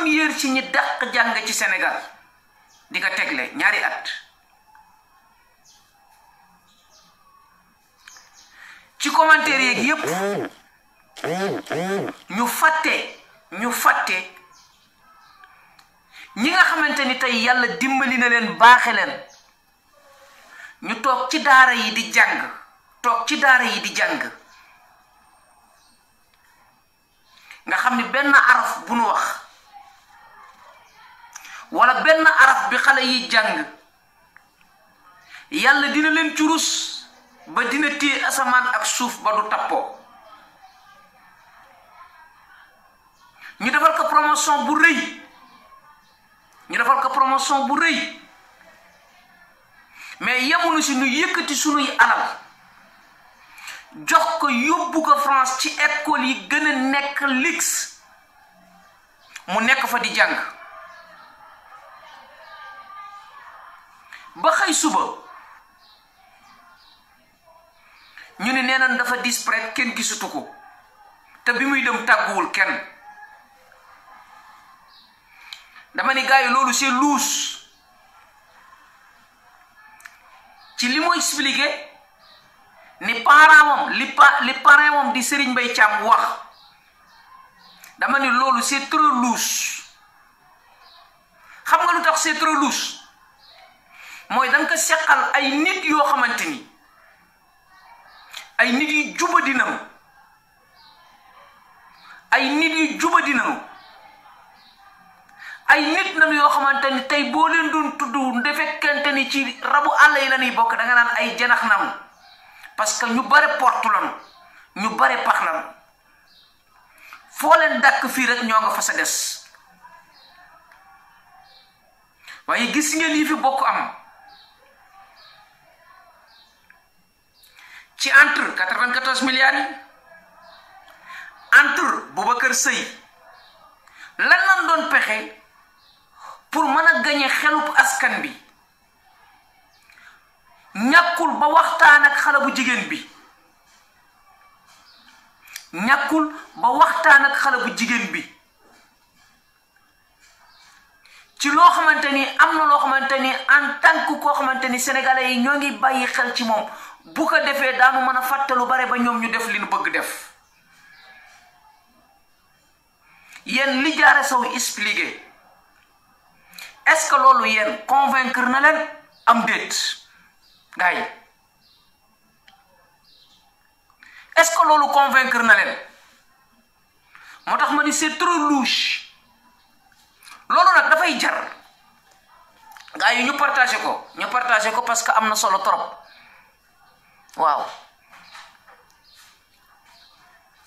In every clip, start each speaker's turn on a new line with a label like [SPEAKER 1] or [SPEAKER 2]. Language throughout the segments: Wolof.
[SPEAKER 1] première ci ñi dàq jàng ci sénégal di ko tegle ñaari at ci commentaire yeeg yépp ñu fàtte ñu fàtte ñi nga xamante ni tey yàlla dimbali na leen baaxe leen ñu ci daara yi di jàng toog ci daara yi di jàng nga xam ni benn araf bu nu wax wala benn araf bi xale yi jàng yàlla dina leen curus ba dina téye asamaan ak suuf ba du tappoo ñu defal ko promotion bu rëy ko promotion bu rëy mais yemuñu si ñu yëkkati sunuy alal jox ko yóbbu ko France ci école yi gën a nekk lix mu nekk fa di jàng ba xëy suba ñu ni nee na dafa disparaître kenn gisutu ko te bi muy dem tàgguwul kenn dama ni gars loolu c'est louche ci limo mu expliqué ni parent li pa di sëriñ bay Thiam wax dama ni loolu c'est trop louche xam nga lu tax c'est trop louche mooy da ko seqal ay nit yoo xamante ni ay nit yu juba dinañu ay nit yu juba dinañu ay nit nañu yoo xamante ni tey boo leen doon tudd nde fekkente ni ci rabu àll yi la bokk danga nga naan ay janax nañu parce que ñu bare portu ñu bare pax lañu foo leen dàkk fii rek ñoo nga fa sa des waaye gis ngeen yi fi bokk am 14 milliards antur lalang Boubacar Sèye lan lan don pexé pour mën a gañe askan bi ñakul ba waxtaan ak xala bu jigen bi ñakul ba waxtaan ak xala bu jigen bi ci lo xamanteni amna lo xamanteni en tant que ko xamanteni sénégalais yi ñongi bayyi xel ci mom bu ko defee daanu mën a fàttalu bare ba ñom ñu def li ñu bëgg def yeen li jaaré saw expliquer est ce que lolu yeen convaincre na len am déet gaay est ce que lolu convaincre na len motax ma ni trop louche nak da fay jar gaay ñu partager ko ñu partager ko parce que amna solo trop waaw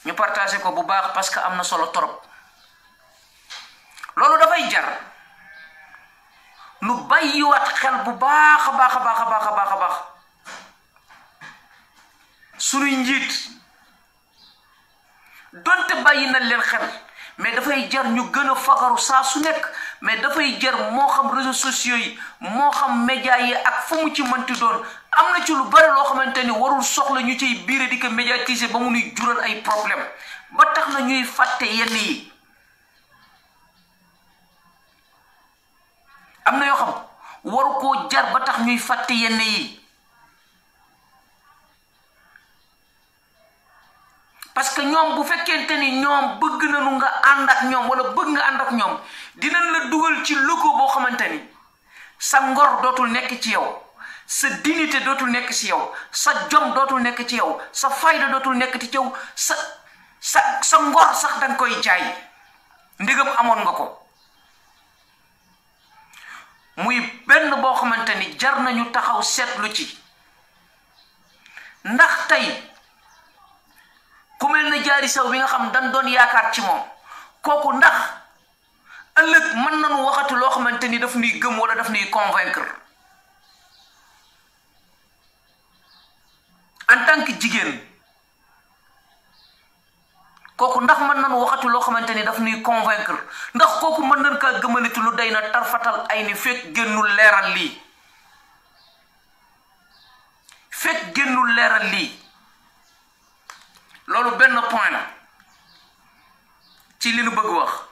[SPEAKER 1] ñu partagé ko bu baax parce que am na solo torop loolu dafay jar nu bàyyiwaat xel bu baax a baax a baax a baax a baax a baax sunuy njiit donte bàyyi na leen xel mais dafay jar ñu gën a fagaru saa su nekk mais dafay jar moo xam réseaux sociaux yi moo xam média yi ak fu mu ci mënti doon am na ci lu bari loo xamante ni warul soxla ñu ciy biire di ko médiatiser ba mu nuy jural ay problème ba tax na ñuy fàtte yenn yi am na yoo xam waru koo jar ba tax ñuy fàtte yenn yi parce que ñoom bu fekkente ni ñoom bëgg nañu nga ànd ak ñoom wala bëgg nga ànd ak ñoom dinañ la dugal ci loko boo xamante ni sa ngor dootul nekk ci yow sa dignité dootul nekk ci yow sa jom dootul nekk ci yow sa fayda dootul nekk ci caw sa sa ngor sax danga koy jaay ndegam amoon nga ko muy benn boo xamante ni jar nañu taxaw seetlu ci ndax tey jaari bi nga xam dañ doon yaakaar ci moom kooku ndax ëllëg mën nañu waxatu loo xamante ni daf nuy gëm wala daf nuy convaincre en tant jigéen kooku ndax mën nañu waxatu loo xamante ni dafa nuy convaincre ndax kooku mën nañ kaa gëmalitu lu day na tarfatal ay ni fekk génnul leeral lii fekk génnul leeral lii loolu benn point la ci li nu bëgg wax